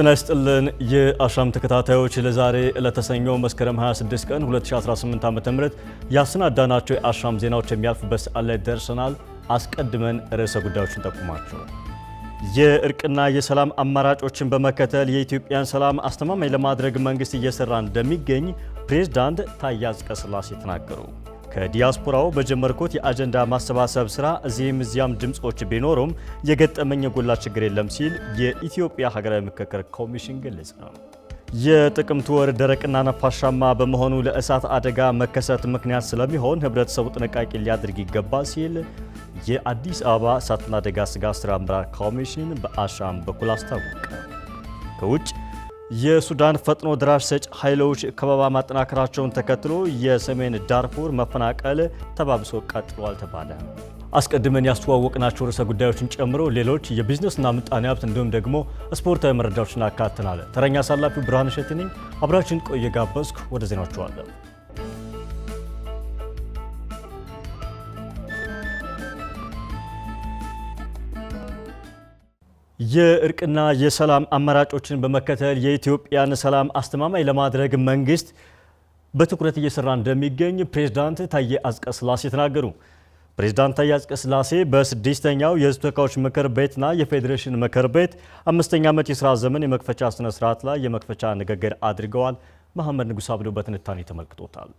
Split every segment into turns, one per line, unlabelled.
ጤና ይስጥልን የአሻም ተከታታዮች ለዛሬ ለተሰኘው መስከረም 26 ቀን 2018 ዓ.ም ያሰናዳናቸው የአሻም ዜናዎች የሚያልፉበት ሰዓት ላይ ደርሰናል። አስቀድመን ርዕሰ ጉዳዮችን ጠቁማቸው የእርቅና የሰላም አማራጮችን በመከተል የኢትዮጵያን ሰላም አስተማማኝ ለማድረግ መንግስት እየሰራ እንደሚገኝ ፕሬዝዳንት ታዬ አጽቀሥላሴ ተናገሩ። ከዲያስፖራው በጀመርኩት የአጀንዳ ማሰባሰብ ስራ እዚህም እዚያም ድምፆች ቢኖሩም የገጠመኝ የጎላ ችግር የለም ሲል የኢትዮጵያ ሀገራዊ ምክክር ኮሚሽን ገለጸ። የጥቅምት ወር ደረቅና ነፋሻማ በመሆኑ ለእሳት አደጋ መከሰት ምክንያት ስለሚሆን ህብረተሰቡ ጥንቃቄ ሊያድርግ ይገባ ሲል የአዲስ አበባ እሳትና አደጋ ስጋት ስራ አመራር ኮሚሽን በአሻም በኩል አስታወቀ። ከውጭ የሱዳን ፈጥኖ ድራሽ ሰጪ ኃይሎች ከበባ ማጠናከራቸውን ተከትሎ የሰሜን ዳርፉር መፈናቀል ተባብሶ ቀጥሏል ተባለ። አስቀድመን ያስተዋወቅናቸው ርዕሰ ጉዳዮችን ጨምሮ ሌሎች የቢዝነስና ምጣኔ ሀብት እንዲሁም ደግሞ ስፖርታዊ መረጃዎችን አካተናል። ተረኛ አሳላፊው ብርሃን እሸቴ ነኝ። አብራችን ቆየ ጋበዝኩ። ወደ ዜናችኋለን የእርቅና የሰላም አማራጮችን በመከተል የኢትዮጵያን ሰላም አስተማማኝ ለማድረግ መንግስት በትኩረት እየሰራ እንደሚገኝ ፕሬዝዳንት ታዬ ስላሴ ተናገሩ። ፕሬዝዳንት ታዬ አጽቀሥላሴ በስድስተኛው የህዝብ ተወካዮች ምክር ቤትና የፌዴሬሽን ምክር ቤት አምስተኛ ዓመት የስራ ዘመን የመክፈቻ ስነ ስርዓት ላይ የመክፈቻ ንግግር አድርገዋል። መሐመድ ንጉስ አብዶ በትንታኔ ተመልክቶታል።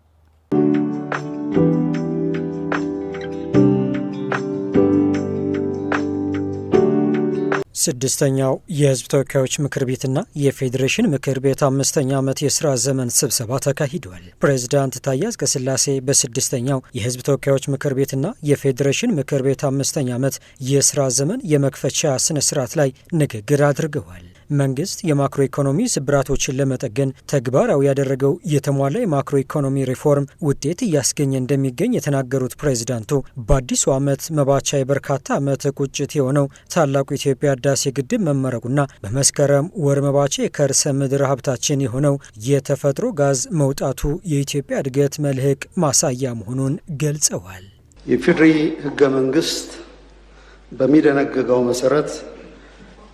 ስድስተኛው የህዝብ ተወካዮች ምክር ቤትና የፌዴሬሽን ምክር ቤት አምስተኛ ዓመት የስራ ዘመን ስብሰባ ተካሂዷል። ፕሬዝዳንት ታዬ አጽቀሥላሴ በስድስተኛው የህዝብ ተወካዮች ምክር ቤትና የፌዴሬሽን ምክር ቤት አምስተኛ ዓመት የስራ ዘመን የመክፈቻ ስነ ስርዓት ላይ ንግግር አድርገዋል። መንግስት የማክሮ ኢኮኖሚ ስብራቶችን ለመጠገን ተግባራዊ ያደረገው የተሟላ የማክሮ ኢኮኖሚ ሪፎርም ውጤት እያስገኘ እንደሚገኝ የተናገሩት ፕሬዚዳንቱ በአዲሱ ዓመት መባቻ የበርካታ ዓመት ቁጭት የሆነው ታላቁ የኢትዮጵያ ህዳሴ ግድብ መመረቁና በመስከረም ወር መባቻ የከርሰ ምድር ሀብታችን የሆነው የተፈጥሮ ጋዝ መውጣቱ የኢትዮጵያ እድገት መልህቅ ማሳያ መሆኑን ገልጸዋል። የፌዴሪ ህገ መንግስት በሚደነግገው መሰረት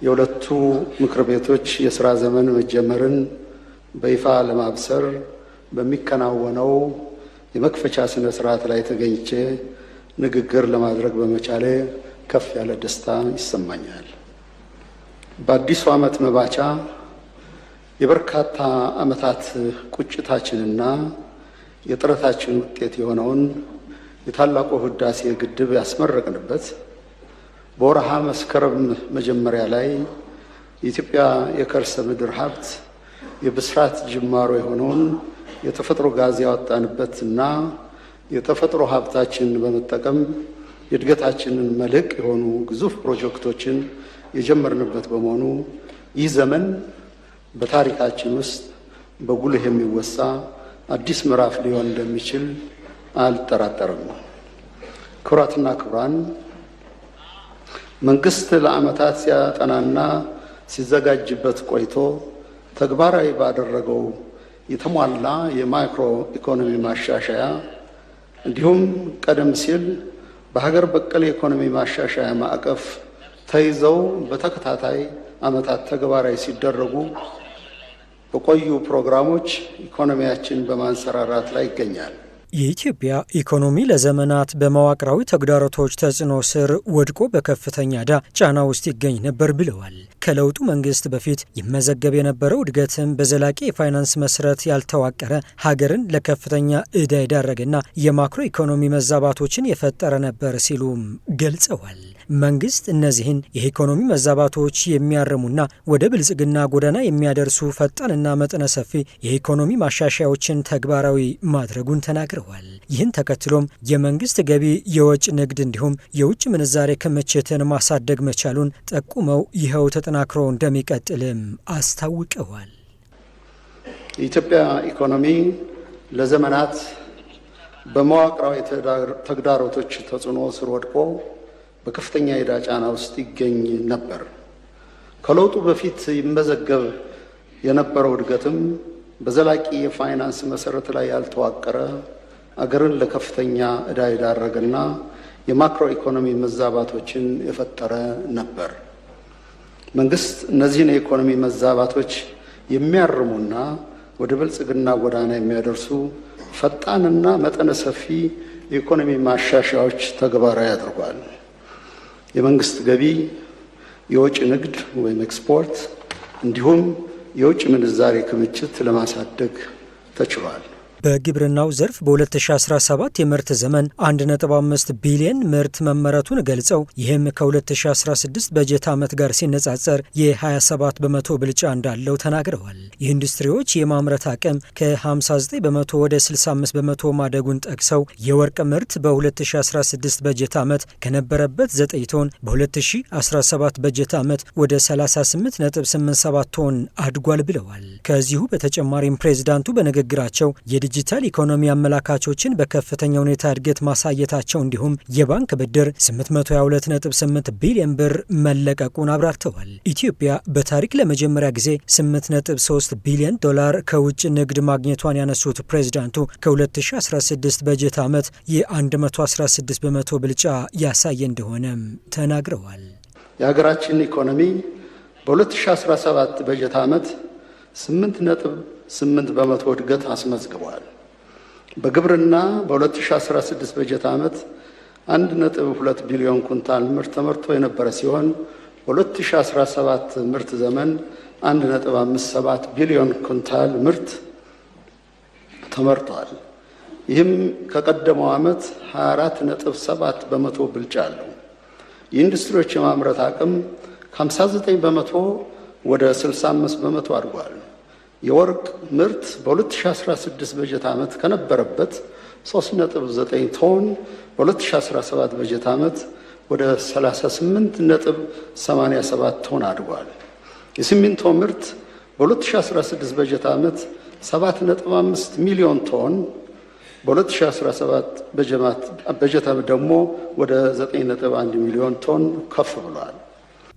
የሁለቱ ምክር ቤቶች የስራ ዘመን መጀመርን በይፋ ለማብሰር በሚከናወነው የመክፈቻ ስነ ስርዓት ላይ ተገኝቼ ንግግር ለማድረግ በመቻሌ ከፍ ያለ ደስታ ይሰማኛል። በአዲሱ ዓመት መባቻ የበርካታ ዓመታት ቁጭታችንና የጥረታችን ውጤት የሆነውን የታላቁ ህዳሴ ግድብ ያስመረቅንበት በወርሃ መስከረም መጀመሪያ ላይ የኢትዮጵያ የከርሰ ምድር ሀብት የብስራት ጅማሮ የሆነውን የተፈጥሮ ጋዝ ያወጣንበት እና የተፈጥሮ ሀብታችንን በመጠቀም የእድገታችንን መልህቅ የሆኑ ግዙፍ ፕሮጀክቶችን የጀመርንበት በመሆኑ ይህ ዘመን በታሪካችን ውስጥ በጉልህ የሚወሳ አዲስ ምዕራፍ ሊሆን እንደሚችል አልጠራጠርም። ክቡራትና ክቡራን መንግስት ለአመታት ሲያጠናና ሲዘጋጅበት ቆይቶ ተግባራዊ ባደረገው የተሟላ የማክሮ ኢኮኖሚ ማሻሻያ እንዲሁም ቀደም ሲል በሀገር በቀል የኢኮኖሚ ማሻሻያ ማዕቀፍ ተይዘው በተከታታይ አመታት ተግባራዊ ሲደረጉ በቆዩ ፕሮግራሞች ኢኮኖሚያችን በማንሰራራት ላይ ይገኛል። የኢትዮጵያ ኢኮኖሚ ለዘመናት በመዋቅራዊ ተግዳሮቶች ተጽዕኖ ስር ወድቆ በከፍተኛ ዕዳ ጫና ውስጥ ይገኝ ነበር ብለዋል። ከለውጡ መንግስት በፊት ይመዘገብ የነበረው እድገትም በዘላቂ የፋይናንስ መሰረት ያልተዋቀረ ሀገርን ለከፍተኛ ዕዳ የዳረገና የማክሮ ኢኮኖሚ መዛባቶችን የፈጠረ ነበር ሲሉም ገልጸዋል። መንግስት እነዚህን የኢኮኖሚ መዛባቶች የሚያርሙና ወደ ብልጽግና ጎዳና የሚያደርሱ ፈጣንና መጠነ ሰፊ የኢኮኖሚ ማሻሻያዎችን ተግባራዊ ማድረጉን ተናግረዋል። ይህን ተከትሎም የመንግስት ገቢ፣ የወጭ ንግድ እንዲሁም የውጭ ምንዛሬ ክምችትን ማሳደግ መቻሉን ጠቁመው ይኸው ተጠናክሮ እንደሚቀጥልም አስታውቀዋል። የኢትዮጵያ ኢኮኖሚ ለዘመናት በመዋቅራዊ ተግዳሮቶች ተጽዕኖ ስር ወድቆ በከፍተኛ የዕዳ ጫና ውስጥ ይገኝ ነበር። ከለውጡ በፊት ይመዘገብ የነበረው እድገትም በዘላቂ የፋይናንስ መሰረት ላይ ያልተዋቀረ አገርን ለከፍተኛ ዕዳ የዳረገና የማክሮ ኢኮኖሚ መዛባቶችን የፈጠረ ነበር። መንግስት እነዚህን የኢኮኖሚ መዛባቶች የሚያርሙና ወደ ብልጽግና ጎዳና የሚያደርሱ ፈጣንና መጠነ ሰፊ የኢኮኖሚ ማሻሻያዎች ተግባራዊ አድርጓል። የመንግስት ገቢ፣ የውጭ ንግድ ወይም ኤክስፖርት እንዲሁም የውጭ ምንዛሬ ክምችት ለማሳደግ ተችሏል። በግብርናው ዘርፍ በ2017 የምርት ዘመን 1.5 ቢሊዮን ምርት መመረቱን ገልጸው ይህም ከ2016 በጀት ዓመት ጋር ሲነጻጸር የ27 በመቶ ብልጫ እንዳለው ተናግረዋል። የኢንዱስትሪዎች የማምረት አቅም ከ59 በመቶ ወደ 65 በመቶ ማደጉን ጠቅሰው የወርቅ ምርት በ2016 በጀት ዓመት ከነበረበት 9 ቶን በ2017 በጀት ዓመት ወደ 38.87 ቶን አድጓል ብለዋል። ከዚሁ በተጨማሪም ፕሬዝዳንቱ በንግግራቸው የድ ዲጂታል ኢኮኖሚ አመላካቾችን በከፍተኛ ሁኔታ እድገት ማሳየታቸው እንዲሁም የባንክ ብድር 828 ቢሊዮን ብር መለቀቁን አብራርተዋል። ኢትዮጵያ በታሪክ ለመጀመሪያ ጊዜ 8.3 ቢሊዮን ዶላር ከውጭ ንግድ ማግኘቷን ያነሱት ፕሬዚዳንቱ ከ2016 በጀት ዓመት የ116 በመቶ ብልጫ ያሳየ እንደሆነም ተናግረዋል። የሀገራችን ኢኮኖሚ በ2017 በጀት ዓመት 8 ስምንት በመቶ እድገት አስመዝግቧል። በግብርና በ2016 በጀት ዓመት 1.2 ቢሊዮን ኩንታል ምርት ተመርቶ የነበረ ሲሆን በ2017 ምርት ዘመን 1.57 ቢሊዮን ኩንታል ምርት ተመርቷል። ይህም ከቀደመው ዓመት 24.7 በመቶ ብልጫ አለው። የኢንዱስትሪዎች የማምረት አቅም ከ59 በመቶ ወደ 65 በመቶ አድጓል። የወርቅ ምርት በ2016 በጀት ዓመት ከነበረበት 3.9 ቶን በ2017 በጀት ዓመት ወደ 38.87 ቶን አድጓል። የሲሚንቶ ምርት በ2016 በጀት ዓመት 7.5 ሚሊዮን ቶን በ2017 በጀት ዓመት ደግሞ ወደ 9.1 ሚሊዮን ቶን ከፍ ብሏል።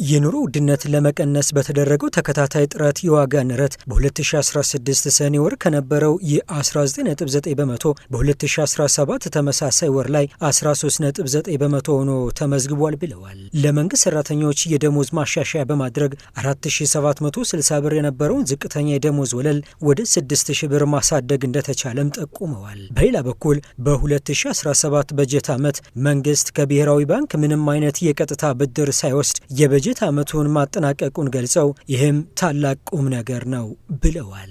የኑሮ ውድነት ለመቀነስ በተደረገው ተከታታይ ጥረት የዋጋ ንረት በ2016 ሰኔ ወር ከነበረው የ19.9 በመቶ በ2017 ተመሳሳይ ወር ላይ 13.9 በመቶ ሆኖ ተመዝግቧል ብለዋል። ለመንግስት ሰራተኞች የደሞዝ ማሻሻያ በማድረግ 4760 ብር የነበረውን ዝቅተኛ የደሞዝ ወለል ወደ 6000 ብር ማሳደግ እንደተቻለም ጠቁመዋል። በሌላ በኩል በ2017 በጀት ዓመት መንግስት ከብሔራዊ ባንክ ምንም አይነት የቀጥታ ብድር ሳይወስድ የበጀ የበጀት ዓመቱን ማጠናቀቁን ገልጸው ይህም ታላቅ ቁም ነገር ነው ብለዋል።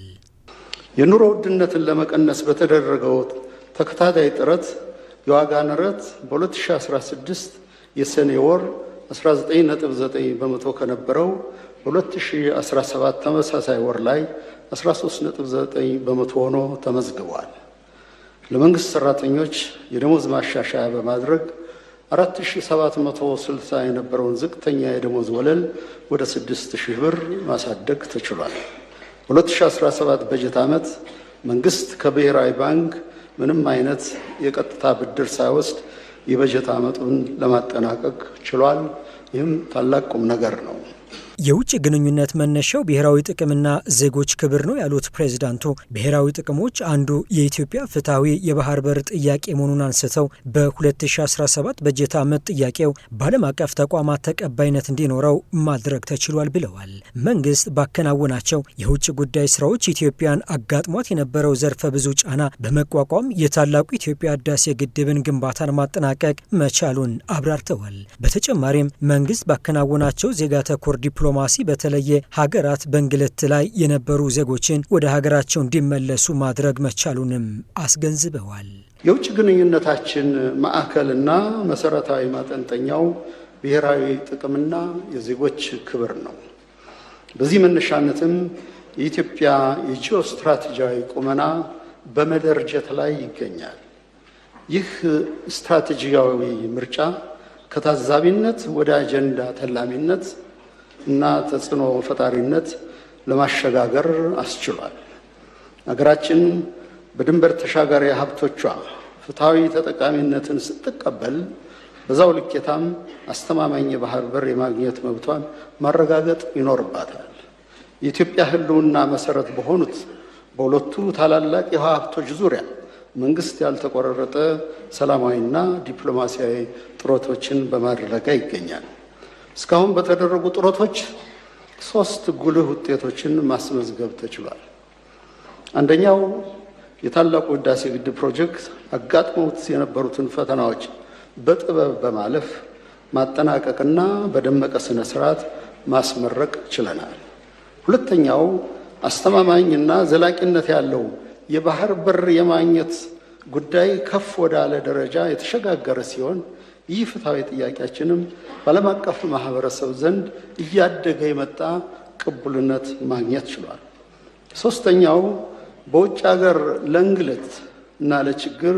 የኑሮ ውድነትን ለመቀነስ በተደረገው ተከታታይ ጥረት የዋጋ ንረት በ2016 የሰኔ ወር 19.9 በመቶ ከነበረው በ2017 ተመሳሳይ ወር ላይ 13.9 በመቶ ሆኖ ተመዝግቧል። ለመንግሥት ሠራተኞች የደሞዝ ማሻሻያ በማድረግ 4760 የነበረውን ዝቅተኛ የደሞዝ ወለል ወደ 6000 ብር ማሳደግ ተችሏል። 2017 በጀት ዓመት መንግስት ከብሔራዊ ባንክ ምንም አይነት የቀጥታ ብድር ሳይወስድ የበጀት ዓመቱን ለማጠናቀቅ ችሏል። ይህም ታላቅ ቁም ነገር ነው። የውጭ ግንኙነት መነሻው ብሔራዊ ጥቅምና ዜጎች ክብር ነው ያሉት ፕሬዚዳንቱ ብሔራዊ ጥቅሞች አንዱ የኢትዮጵያ ፍትሐዊ የባህር በር ጥያቄ መሆኑን አንስተው በ2017 በጀት ዓመት ጥያቄው በዓለም አቀፍ ተቋማት ተቀባይነት እንዲኖረው ማድረግ ተችሏል ብለዋል። መንግስት ባከናወናቸው የውጭ ጉዳይ ስራዎች ኢትዮጵያን አጋጥሟት የነበረው ዘርፈ ብዙ ጫና በመቋቋም የታላቁ ኢትዮጵያ ህዳሴ ግድብን ግንባታን ማጠናቀቅ መቻሉን አብራርተዋል። በተጨማሪም መንግስት ባከናወናቸው ዜጋ ተኮር ዲፕሎ ዲፕሎማሲ በተለየ ሀገራት በእንግልት ላይ የነበሩ ዜጎችን ወደ ሀገራቸው እንዲመለሱ ማድረግ መቻሉንም አስገንዝበዋል። የውጭ ግንኙነታችን ማዕከልና መሰረታዊ ማጠንጠኛው ብሔራዊ ጥቅምና የዜጎች ክብር ነው። በዚህ መነሻነትም የኢትዮጵያ የጂኦ ስትራቴጂያዊ ቁመና በመደርጀት ላይ ይገኛል። ይህ ስትራቴጂያዊ ምርጫ ከታዛቢነት ወደ አጀንዳ ተላሚነት እና ተጽዕኖ ፈጣሪነት ለማሸጋገር አስችሏል። አገራችን በድንበር ተሻጋሪ ሀብቶቿ ፍትሐዊ ተጠቃሚነትን ስትቀበል በዛው ልኬታም አስተማማኝ የባህር በር የማግኘት መብቷን ማረጋገጥ ይኖርባታል። የኢትዮጵያ ሕልውና መሰረት በሆኑት በሁለቱ ታላላቅ የውሃ ሀብቶች ዙሪያ መንግስት ያልተቆራረጠ ሰላማዊና ዲፕሎማሲያዊ ጥረቶችን በማድረግ ይገኛል። እስካሁን በተደረጉ ጥረቶች ሶስት ጉልህ ውጤቶችን ማስመዝገብ ተችሏል። አንደኛው የታላቁ ህዳሴ ግድብ ፕሮጀክት አጋጥመውት የነበሩትን ፈተናዎች በጥበብ በማለፍ ማጠናቀቅና በደመቀ ስነ ስርዓት ማስመረቅ ችለናል። ሁለተኛው አስተማማኝና ዘላቂነት ያለው የባህር በር የማግኘት ጉዳይ ከፍ ወዳለ ደረጃ የተሸጋገረ ሲሆን ይህ ፍትሐዊ ጥያቄያችንም በዓለም አቀፍ ማህበረሰብ ዘንድ እያደገ የመጣ ቅቡልነት ማግኘት ችሏል። ሶስተኛው በውጭ ሀገር ለእንግልት እና ለችግር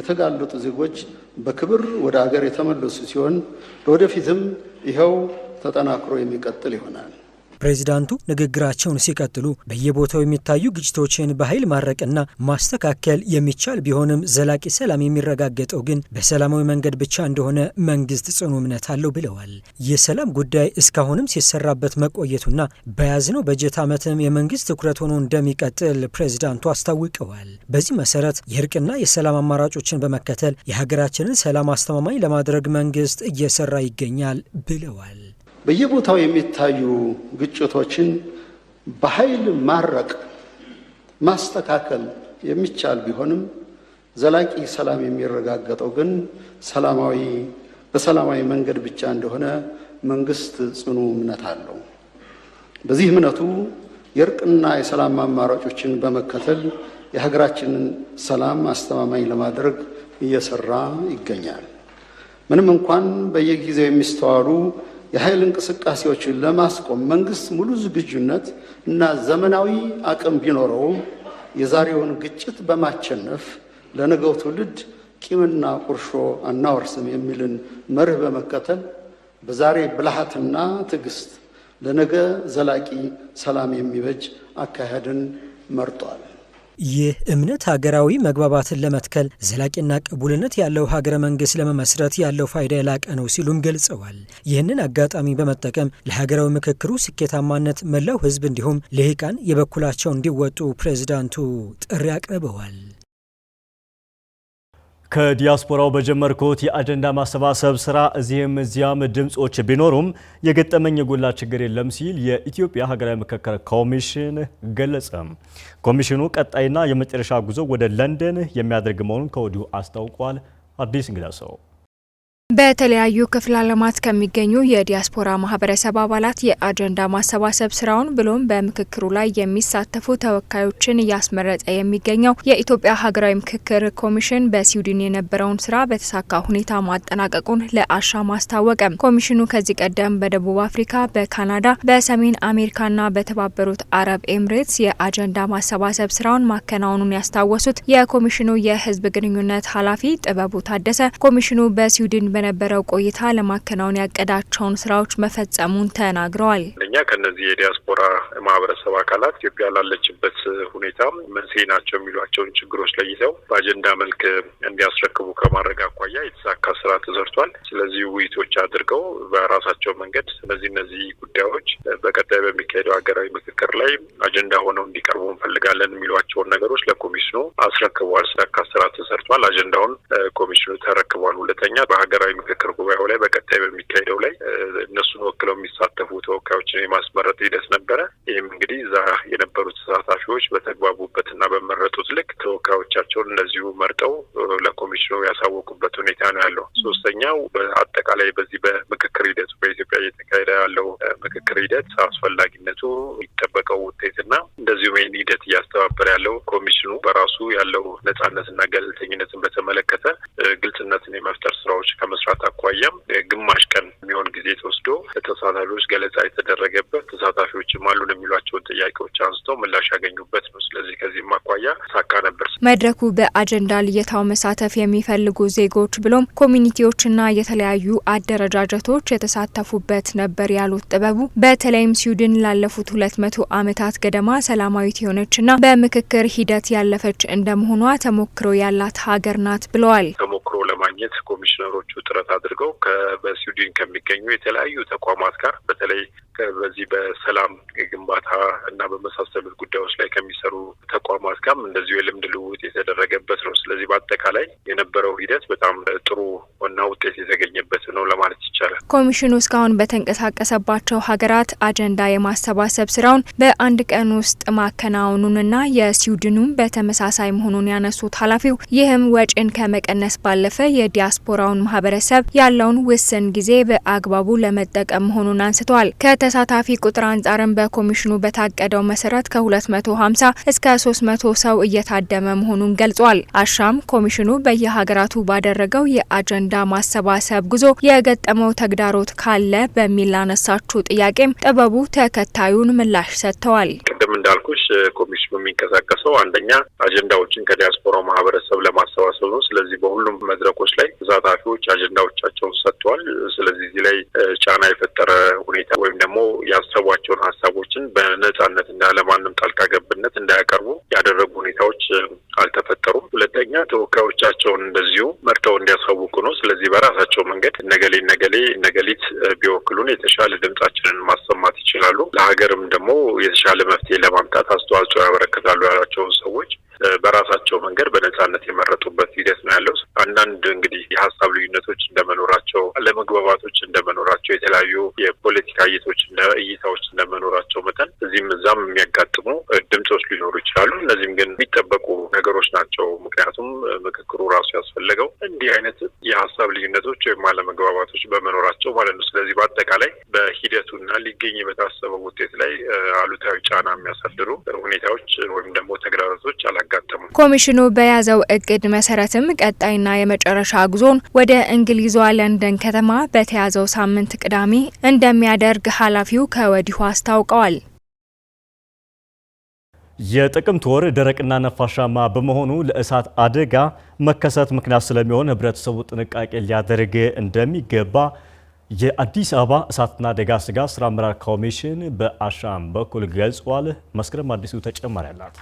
የተጋለጡ ዜጎች በክብር ወደ ሀገር የተመለሱ ሲሆን ለወደፊትም ይኸው ተጠናክሮ የሚቀጥል ይሆናል። ፕሬዚዳንቱ ንግግራቸውን ሲቀጥሉ በየቦታው የሚታዩ ግጭቶችን በኃይል ማድረቅና ማስተካከል የሚቻል ቢሆንም ዘላቂ ሰላም የሚረጋገጠው ግን በሰላማዊ መንገድ ብቻ እንደሆነ መንግስት ጽኑ እምነት አለው ብለዋል። የሰላም ጉዳይ እስካሁንም ሲሰራበት መቆየቱና በያዝነው በጀት ዓመትም የመንግስት ትኩረት ሆኖ እንደሚቀጥል ፕሬዚዳንቱ አስታውቀዋል። በዚህ መሰረት የእርቅና የሰላም አማራጮችን በመከተል የሀገራችንን ሰላም አስተማማኝ ለማድረግ መንግስት እየሰራ ይገኛል ብለዋል። በየቦታው የሚታዩ ግጭቶችን በኃይል ማረቅ፣ ማስተካከል የሚቻል ቢሆንም ዘላቂ ሰላም የሚረጋገጠው ግን ሰላማዊ በሰላማዊ መንገድ ብቻ እንደሆነ መንግስት ጽኑ እምነት አለው። በዚህ እምነቱ የእርቅና የሰላም አማራጮችን በመከተል የሀገራችንን ሰላም አስተማማኝ ለማድረግ እየሰራ ይገኛል። ምንም እንኳን በየጊዜው የሚስተዋሉ የኃይል እንቅስቃሴዎችን ለማስቆም መንግስት ሙሉ ዝግጁነት እና ዘመናዊ አቅም ቢኖረውም የዛሬውን ግጭት በማቸነፍ ለነገው ትውልድ ቂምና ቁርሾ አናወርስም የሚልን መርህ በመከተል በዛሬ ብልሃትና ትዕግስት ለነገ ዘላቂ ሰላም የሚበጅ አካሄድን መርጧል። ይህ እምነት ሀገራዊ መግባባትን ለመትከል ዘላቂና ቅቡልነት ያለው ሀገረ መንግስት ለመመስረት ያለው ፋይዳ የላቀ ነው ሲሉም ገልጸዋል። ይህንን አጋጣሚ በመጠቀም ለሀገራዊ ምክክሩ ስኬታማነት መላው ህዝብ እንዲሁም ልሂቃን የበኩላቸው እንዲወጡ ፕሬዚዳንቱ ጥሪ አቅርበዋል። ከዲያስፖራው በጀመርኩት የአጀንዳ ማሰባሰብ ስራ እዚህም እዚያም ድምጾች ቢኖሩም የገጠመኝ የጎላ ችግር የለም ሲል የኢትዮጵያ ሀገራዊ ምክክር ኮሚሽን ገለጸ። ኮሚሽኑ ቀጣይና የመጨረሻ ጉዞ ወደ ለንደን የሚያደርግ መሆኑን ከወዲሁ አስታውቋል። አዲስ እንግዳ ሰው በተለያዩ ክፍለ ዓለማት ከሚገኙ የዲያስፖራ ማህበረሰብ አባላት የአጀንዳ ማሰባሰብ ስራውን ብሎም በምክክሩ ላይ የሚሳተፉ ተወካዮችን እያስመረጠ የሚገኘው የኢትዮጵያ ሀገራዊ ምክክር ኮሚሽን በስዊድን የነበረውን ስራ በተሳካ ሁኔታ ማጠናቀቁን ለአሻ ማስታወቀ። ኮሚሽኑ ከዚህ ቀደም በደቡብ አፍሪካ፣ በካናዳ፣ በሰሜን አሜሪካና በተባበሩት አረብ ኤምሬትስ የአጀንዳ ማሰባሰብ ስራውን ማከናወኑን ያስታወሱት የኮሚሽኑ የህዝብ ግንኙነት ኃላፊ ጥበቡ ታደሰ ኮሚሽኑ በስዊድን በነበረው ቆይታ ለማከናወን ያቀዳቸውን ስራዎች መፈጸሙን ተናግረዋል። እኛ ከነዚህ የዲያስፖራ ማህበረሰብ አካላት ኢትዮጵያ ላለችበት ሁኔታ መንስኤ ናቸው የሚሏቸውን ችግሮች ለይተው በአጀንዳ መልክ እንዲያስረክቡ ከማድረግ አኳያ የተሳካ ስራ ተሰርቷል። ስለዚህ ውይይቶች አድርገው በራሳቸው መንገድ ስለዚህ እነዚህ ጉዳዮች በቀጣይ በሚካሄደው ሀገራዊ ምክክር ላይ አጀንዳ ሆነው እንዲቀርቡ እንፈልጋለን የሚሏቸውን ነገሮች ለኮሚሽኑ አስረክቧል። ስራ ተሰርቷል። አጀንዳውን ኮሚሽኑ ተረክቧል። ሁለተኛ በሀገራዊ ብሔራዊ ምክክር ጉባኤው ላይ በቀጣይ በሚካሄደው ላይ እነሱን ወክለው የሚሳተፉ ተወካዮችን የማስመረጥ ሂደት ነበረ። ይህም እንግዲህ እዛ የነበሩት ተሳታፊዎች በተግባቡበትና በመረጡት ልክ ተወካዮቻቸውን እነዚሁ መርጠው ለኮሚሽኑ ያሳወቁበት ሁኔታ ነው ያለው። ሶስተኛው በአጠቃላይ በዚህ በምክክር ሂደቱ በኢትዮጵያ እየተካሄደ ያለው ምክክር ሂደት አስፈላጊነቱ የሚጠበቀው ውጤትና እንደዚሁም ይህን ሂደት እያስተባበረ ያለው ኮሚሽኑ በራሱ ያለው ነጻነትና ገለልተኝነትን በተመለከተ ግልጽነትን የመፍጠር ስራዎች ከመስራት አኳያም ግማሽ ቀን የሚሆን ጊዜ ተወስዶ ለተሳታፊዎች ገለጻ የተደረገበት ተሳታፊዎችም አሉን ጥያቄዎች አንስተው ምላሽ ያገኙበት ነው። ስለዚህ ከዚህም አኳያ ሳካ ነበር። መድረኩ በአጀንዳ ልየታው መሳተፍ የሚፈልጉ ዜጎች ብሎም ኮሚኒቲዎችና የተለያዩ አደረጃጀቶች የተሳተፉበት ነበር ያሉት ጥበቡ በተለይም ስዊድን ላለፉት ሁለት መቶ ዓመታት ገደማ ሰላማዊት የሆነችና በምክክር ሂደት ያለፈች እንደመሆኗ ተሞክሮ ያላት ሀገር ናት ብለዋል። ተሞክሮ ለማ ለማግኘት ኮሚሽነሮቹ ጥረት አድርገው በስዊድን ከሚገኙ የተለያዩ ተቋማት ጋር በተለይ በዚህ በሰላም ግንባታ እና በመሳሰሉት ጉዳዮች ላይ ከሚሰሩ ተቋማት ጋርም እንደዚሁ የልምድ ልውውጥ የተደረገበት ነው። ስለዚህ በአጠቃላይ የነበረው ሂደት በጣም ጥሩ እና ውጤት የተገኘበት ነው ለማለት ይቻላል። ኮሚሽኑ እስካሁን በተንቀሳቀሰባቸው ሀገራት አጀንዳ የማሰባሰብ ስራውን በአንድ ቀን ውስጥ ማከናወኑንና የስዊድኑም በተመሳሳይ መሆኑን ያነሱት ኃላፊው ይህም ወጪን ከመቀነስ ባለፈ የዲያስፖራውን ማህበረሰብ ያለውን ውስን ጊዜ በአግባቡ ለመጠቀም መሆኑን አንስተዋል። ከተሳታፊ ቁጥር አንጻርም በኮሚሽኑ በታቀደው መሰረት ከ250 እስከ 300 ሰው እየታደመ መሆኑን ገልጿል። አሻም ኮሚሽኑ በየሀገራቱ ባደረገው የአጀንዳ ማሰባሰብ ጉዞ የገጠመው ተግዳሮት ካለ በሚል ላነሳችው ጥያቄም ጥበቡ ተከታዩን ምላሽ ሰጥተዋል። ቅድም እንዳልኩሽ ኮሚሽኑ የሚንቀሳቀሰው አንደኛ አጀንዳዎችን ከዲያስፖራው ማህበረሰብ ለማሰባሰብ ነው። ስለዚህ በሁሉም መድረኮች ላይ ተሳታፊዎች አጀንዳዎቻቸውን ሰጥተዋል። ስለዚህ እዚህ ላይ ጫና የፈጠረ ሁኔታ ወይም ደግሞ ያሰቧቸውን ሀሳቦችን በነጻነት እና ለማንም ጣልቃ ገብነት እንዳያቀርቡ ያደረጉ ሁኔታዎች አልተፈጠሩም። ሁለተኛ ተወካዮቻቸውን እንደዚሁ መርተው እንዲያሳውቁ ነው። ስለዚህ በራሳቸው መንገድ ነገሌ ነገሌ ነገሊት ቢወክሉን የተሻለ ድምጻችንን ማሰማት ይችላሉ። ለሀገርም ደግሞ የተሻለ መፍትሄ ለማምጣት አስተዋጽኦ ያበረክታሉ ያላቸውን ሰዎች በራሳቸው መንገድ በነጻነት የመረጡበት ሂደት ነው ያለው። አንዳንድ እንግዲህ የሀሳብ ልዩነቶች እንደመኖራቸው፣ አለመግባባቶች እንደመኖራቸው፣ የተለያዩ የፖለቲካ እይቶች እይታዎች እንደመኖራቸው መጠን እዚህም እዛም የሚያጋጥሙ ድምጾች ሊኖሩ ይችላሉ። እነዚህም ግን የሚጠበቁ ነገሮች ናቸው። ምክንያቱም ምክክሩ ራሱ ያስፈለገው እንዲህ አይነት የሀሳብ ልዩነቶች ወይም አለመግባባቶች በመኖራቸው ማለት ነው። ስለዚህ በአጠቃላይ በሂደቱና ሊገኝ በታሰበው ውጤት ላይ አሉታዊ ጫና የሚያሳድሩ ሁኔታዎች ወይም ደግሞ ተግዳሮቶች አላጋጠሙም። ኮሚሽኑ በያዘው እቅድ መሰረትም ቀጣይና የመጨረሻ ጉዞን ወደ እንግሊዟ ለንደን ከተማ በተያዘው ሳምንት ቅዳሜ እንደሚያደርግ ኃላፊው ከወዲሁ አስታውቀዋል። የጥቅምት ወር ደረቅና ነፋሻማ በመሆኑ ለእሳት አደጋ መከሰት ምክንያት ስለሚሆን ህብረተሰቡ ጥንቃቄ ሊያደርግ እንደሚገባ የአዲስ አበባ እሳትና አደጋ ስጋት ስራ አመራር ኮሚሽን በአሻም በኩል ገልጿል። መስከረም አዲሱ ተጨማሪ አላት።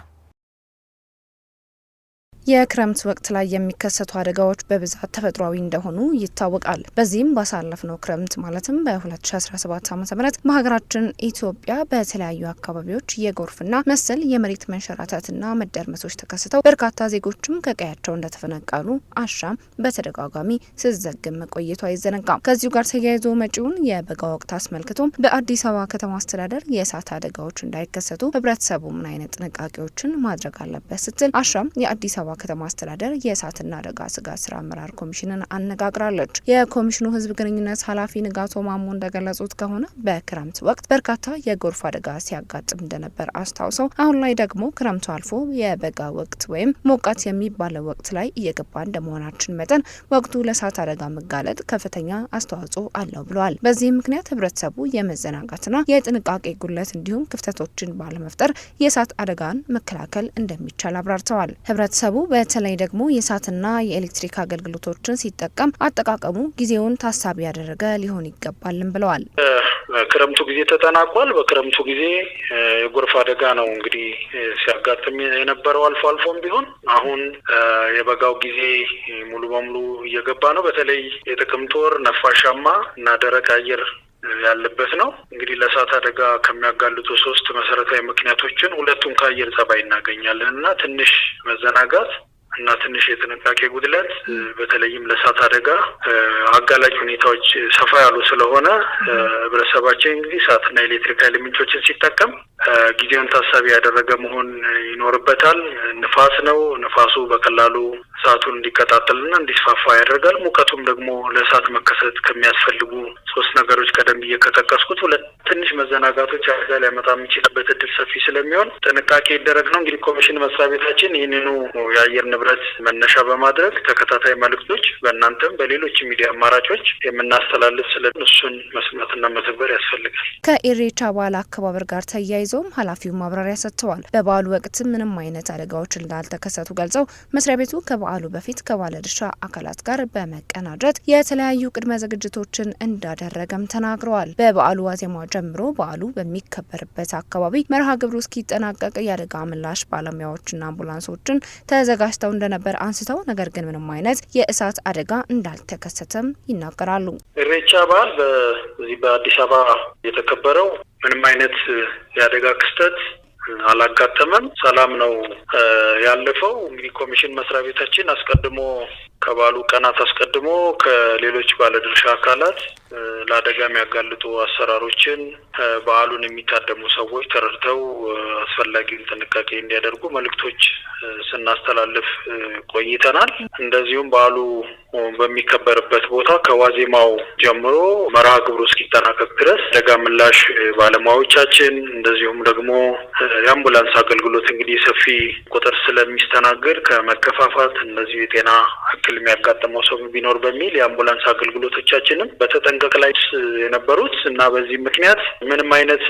የክረምት ወቅት ላይ የሚከሰቱ አደጋዎች በብዛት ተፈጥሯዊ እንደሆኑ ይታወቃል። በዚህም ባሳለፍነው ክረምት ማለትም በ2017 ዓ ም በሀገራችን ኢትዮጵያ በተለያዩ አካባቢዎች የጎርፍና መሰል የመሬት መንሸራተትና መደርመሶች ተከስተው በርካታ ዜጎችም ከቀያቸው እንደተፈነቀሉ አሻም በተደጋጋሚ ስዘግብ መቆየቱ አይዘነጋም። ከዚሁ ጋር ተያይዞ መጪውን የበጋ ወቅት አስመልክቶም በአዲስ አበባ ከተማ አስተዳደር የእሳት አደጋዎች እንዳይከሰቱ ህብረተሰቡ ምን አይነት ጥንቃቄዎችን ማድረግ አለበት ስትል አሻም የአዲስ አበባ ከተማ አስተዳደር የእሳትና አደጋ ስጋት ስራ አመራር ኮሚሽንን አነጋግራለች። የኮሚሽኑ ህዝብ ግንኙነት ኃላፊ ንጋቶ ማሞ እንደገለጹት ከሆነ በክረምት ወቅት በርካታ የጎርፍ አደጋ ሲያጋጥም እንደነበር አስታውሰው አሁን ላይ ደግሞ ክረምቱ አልፎ የበጋ ወቅት ወይም ሞቃት የሚባለው ወቅት ላይ እየገባ እንደመሆናችን መጠን ወቅቱ ለእሳት አደጋ መጋለጥ ከፍተኛ አስተዋጽኦ አለው ብለዋል። በዚህ ምክንያት ህብረተሰቡ የመዘናጋትና የጥንቃቄ ጉድለት እንዲሁም ክፍተቶችን ባለመፍጠር የእሳት አደጋን መከላከል እንደሚቻል አብራርተዋል። ህብረተሰቡ በተለይ ደግሞ የእሳትና የኤሌክትሪክ አገልግሎቶችን ሲጠቀም አጠቃቀሙ ጊዜውን ታሳቢ ያደረገ ሊሆን ይገባልን ብለዋል። ክረምቱ ጊዜ ተጠናቋል። በክረምቱ ጊዜ የጎርፍ አደጋ ነው እንግዲህ ሲያጋጥም የነበረው አልፎ አልፎም ቢሆን አሁን የበጋው ጊዜ ሙሉ በሙሉ እየገባ ነው። በተለይ የጥቅምት ወር ነፋሻማ እና ደረቅ አየር ያለበት ነው። እንግዲህ ለእሳት አደጋ ከሚያጋልጡ ሶስት መሰረታዊ ምክንያቶችን ሁለቱን ከአየር ጸባይ እናገኛለን እና ትንሽ መዘናጋት እና ትንሽ የጥንቃቄ ጉድለት በተለይም ለእሳት አደጋ አጋላጭ ሁኔታዎች ሰፋ ያሉ ስለሆነ ህብረተሰባችን እንግዲህ እሳትና ኤሌክትሪክ ኃይል ምንጮችን ሲጠቀም ጊዜውን ታሳቢ ያደረገ መሆን ይኖርበታል። ንፋስ ነው። ንፋሱ በቀላሉ እሳቱን እንዲቀጣጠልና እንዲስፋፋ ያደርጋል። ሙቀቱም ደግሞ ለእሳት መከሰት ከሚያስፈልጉ ሶስት ነገሮች ቀደም ብዬ ከጠቀስኩት ሁለት ትንሽ መዘናጋቶች አደጋ ሊያመጣ የሚችልበት እድል ሰፊ ስለሚሆን ጥንቃቄ ይደረግ ነው። እንግዲህ ኮሚሽን መስሪያ ቤታችን ይህንኑ የአየር ንብረት መነሻ በማድረግ ተከታታይ መልእክቶች በእናንተም በሌሎች ሚዲያ አማራጮች የምናስተላልፍ ስለ እሱን መስማትና መተግበር ያስፈልጋል። ከኢሬቻ በዓል አከባበር ጋር ተያይዘውም ኃላፊው ማብራሪያ ሰጥተዋል። በበዓሉ ወቅት ምንም አይነት አደጋዎች እንዳልተከሰቱ ገልጸው መስሪያ ቤቱ ከበ ከበዓሉ በፊት ከባለድርሻ አካላት ጋር በመቀናጀት የተለያዩ ቅድመ ዝግጅቶችን እንዳደረገም ተናግረዋል። በበዓሉ ዋዜማ ጀምሮ በዓሉ በሚከበርበት አካባቢ መርሃ ግብሩ እስኪጠናቀቅ የአደጋ ምላሽ ባለሙያዎችና አምቡላንሶችን ተዘጋጅተው እንደነበር አንስተው ነገር ግን ምንም አይነት የእሳት አደጋ እንዳልተከሰተም ይናገራሉ። እሬቻ በዓል በዚህ በአዲስ አበባ የተከበረው ምንም አይነት የአደጋ ክስተት አላጋጠመም። ሰላም ነው ያለፈው። እንግዲህ ኮሚሽን መስሪያ ቤታችን አስቀድሞ ከበዓሉ ቀናት አስቀድሞ ከሌሎች ባለድርሻ አካላት ለአደጋ የሚያጋልጡ አሰራሮችን በዓሉን የሚታደሙ ሰዎች ተረድተው አስፈላጊውን ጥንቃቄ እንዲያደርጉ መልእክቶች ስናስተላልፍ ቆይተናል። እንደዚሁም በዓሉ በሚከበርበት ቦታ ከዋዜማው ጀምሮ መርሃ ግብሩ እስኪጠናቀቅ ድረስ አደጋ ምላሽ ባለሙያዎቻችን እንደዚሁም ደግሞ የአምቡላንስ አገልግሎት እንግዲህ ሰፊ ቁጥር ስለሚስተናገድ ከመከፋፋት እንደዚሁ የጤና እክል የሚያጋጥመው ሰው ቢኖር በሚል የአምቡላንስ አገልግሎቶቻችንም በተጠንቀቅ ላይ የነበሩት እና በዚህ ምክንያት ምንም አይነት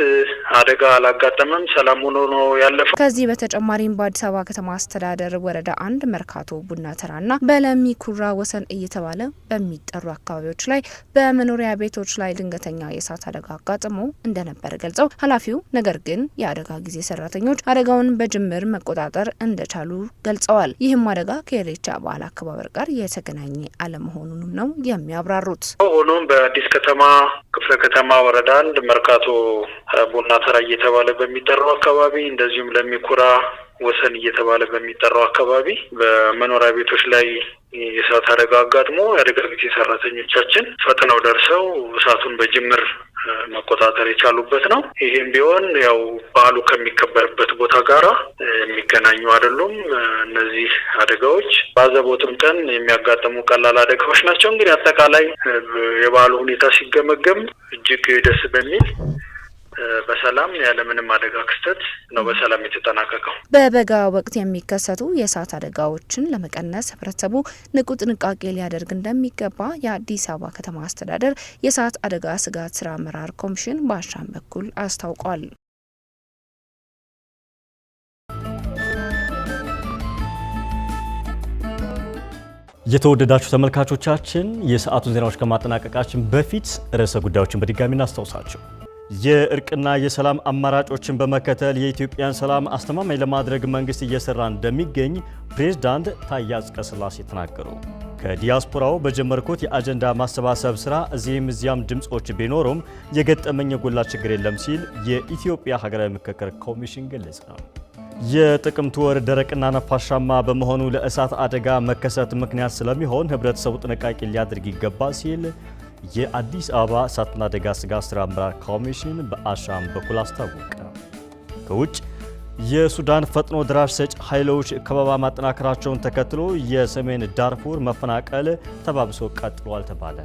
አደጋ አላጋጠመም። ሰላም ሆኖ ነው ያለፈው። ከዚህ በተጨማሪም በአዲስ አበባ ከተማ አስተዳደር ወረዳ አንድ መርካቶ፣ ቡና ተራና በለሚ ኩራ ወሰን እየተባለ በሚጠሩ አካባቢዎች ላይ በመኖሪያ ቤቶች ላይ ድንገተኛ የእሳት አደጋ አጋጥሞ እንደነበር ገልጸው ኃላፊው ነገር ግን የአደጋ ጊዜ ሰራተኞች አደጋውን በጅምር መቆጣጠር እንደቻሉ ገልጸዋል። ይህም አደጋ ከኢሬቻ በዓል አከባበር ጋር ጋር የተገናኘ አለመሆኑንም ነው የሚያብራሩት። ሆኖም በአዲስ ከተማ ክፍለ ከተማ ወረዳ አንድ መርካቶ ቡና ተራ እየተባለ በሚጠራው አካባቢ እንደዚሁም ለሚኩራ ወሰን እየተባለ በሚጠራው አካባቢ በመኖሪያ ቤቶች ላይ የእሳት አደጋ አጋጥሞ የአደጋ ጊዜ ሰራተኞቻችን ፈጥነው ደርሰው እሳቱን በጅምር መቆጣጠር የቻሉበት ነው። ይህም ቢሆን ያው በዓሉ ከሚከበርበት ቦታ ጋራ የሚገናኙ አይደሉም። እነዚህ አደጋዎች በአዘቦትም ቀን የሚያጋጥሙ ቀላል አደጋዎች ናቸው። እንግዲህ አጠቃላይ የበዓሉ ሁኔታ ሲገመገም እጅግ ደስ በሚል በሰላም ያለምንም አደጋ ክስተት ነው በሰላም የተጠናቀቀው። በበጋ ወቅት የሚከሰቱ የእሳት አደጋዎችን ለመቀነስ ህብረተሰቡ ንቁ ጥንቃቄ ሊያደርግ እንደሚገባ የአዲስ አበባ ከተማ አስተዳደር የእሳት አደጋ ስጋት ስራ አመራር ኮሚሽን በአሻም በኩል አስታውቋል። የተወደዳችሁ ተመልካቾቻችን የሰዓቱን ዜናዎች ከማጠናቀቃችን በፊት ርዕሰ ጉዳዮችን በድጋሚ እናስታውሳቸው። የእርቅና የሰላም አማራጮችን በመከተል የኢትዮጵያን ሰላም አስተማማኝ ለማድረግ መንግስት እየሰራ እንደሚገኝ ፕሬዝዳንት ታዬ አጽቀሥላሴ ተናገሩ። ከዲያስፖራው በጀመርኩት የአጀንዳ ማሰባሰብ ስራ እዚህም እዚያም ድምፆች ቢኖሩም የገጠመኝ የጎላ ችግር የለም ሲል የኢትዮጵያ ሀገራዊ ምክክር ኮሚሽን ገለጸ። የጥቅምት ወር ደረቅና ነፋሻማ በመሆኑ ለእሳት አደጋ መከሰት ምክንያት ስለሚሆን ህብረተሰቡ ጥንቃቄ ሊያደርግ ይገባ ሲል የአዲስ አበባ እሳትና አደጋ ስጋት ስራ አመራር ኮሚሽን በአሻም በኩል አስታወቀ። ከውጭ የሱዳን ፈጥኖ ድራሽ ሰጭ ኃይሎች ከበባ ማጠናከራቸውን ተከትሎ የሰሜን ዳርፉር መፈናቀል ተባብሶ ቀጥሏል ተባለ።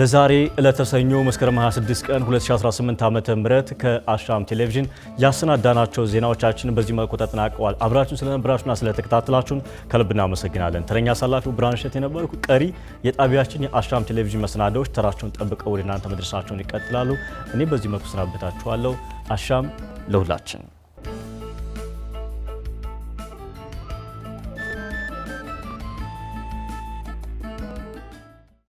ለዛሬ ለተሰኞ መስከረም 26 ቀን 2018 ምህረት ከአሻም ቴሌቪዥን ያሰናዳናቸው ዜናዎቻችን በዚህ መልኩ ተጠናቀዋል። አብራችሁን ስለነበራችሁና ስለተከታተላችሁን ከልብ እናመሰግናለን። ተረኛ አሳላፊው ብርሃን እሸት የነበርኩ። ቀሪ የጣቢያችን የአሻም ቴሌቪዥን መሰናዳዎች ተራቸውን ጠብቀው ወደ እናንተ መድረሳቸውን ይቀጥላሉ። እኔ በዚህ መልኩ ሰናበታችኋለሁ። አሻም ለሁላችን!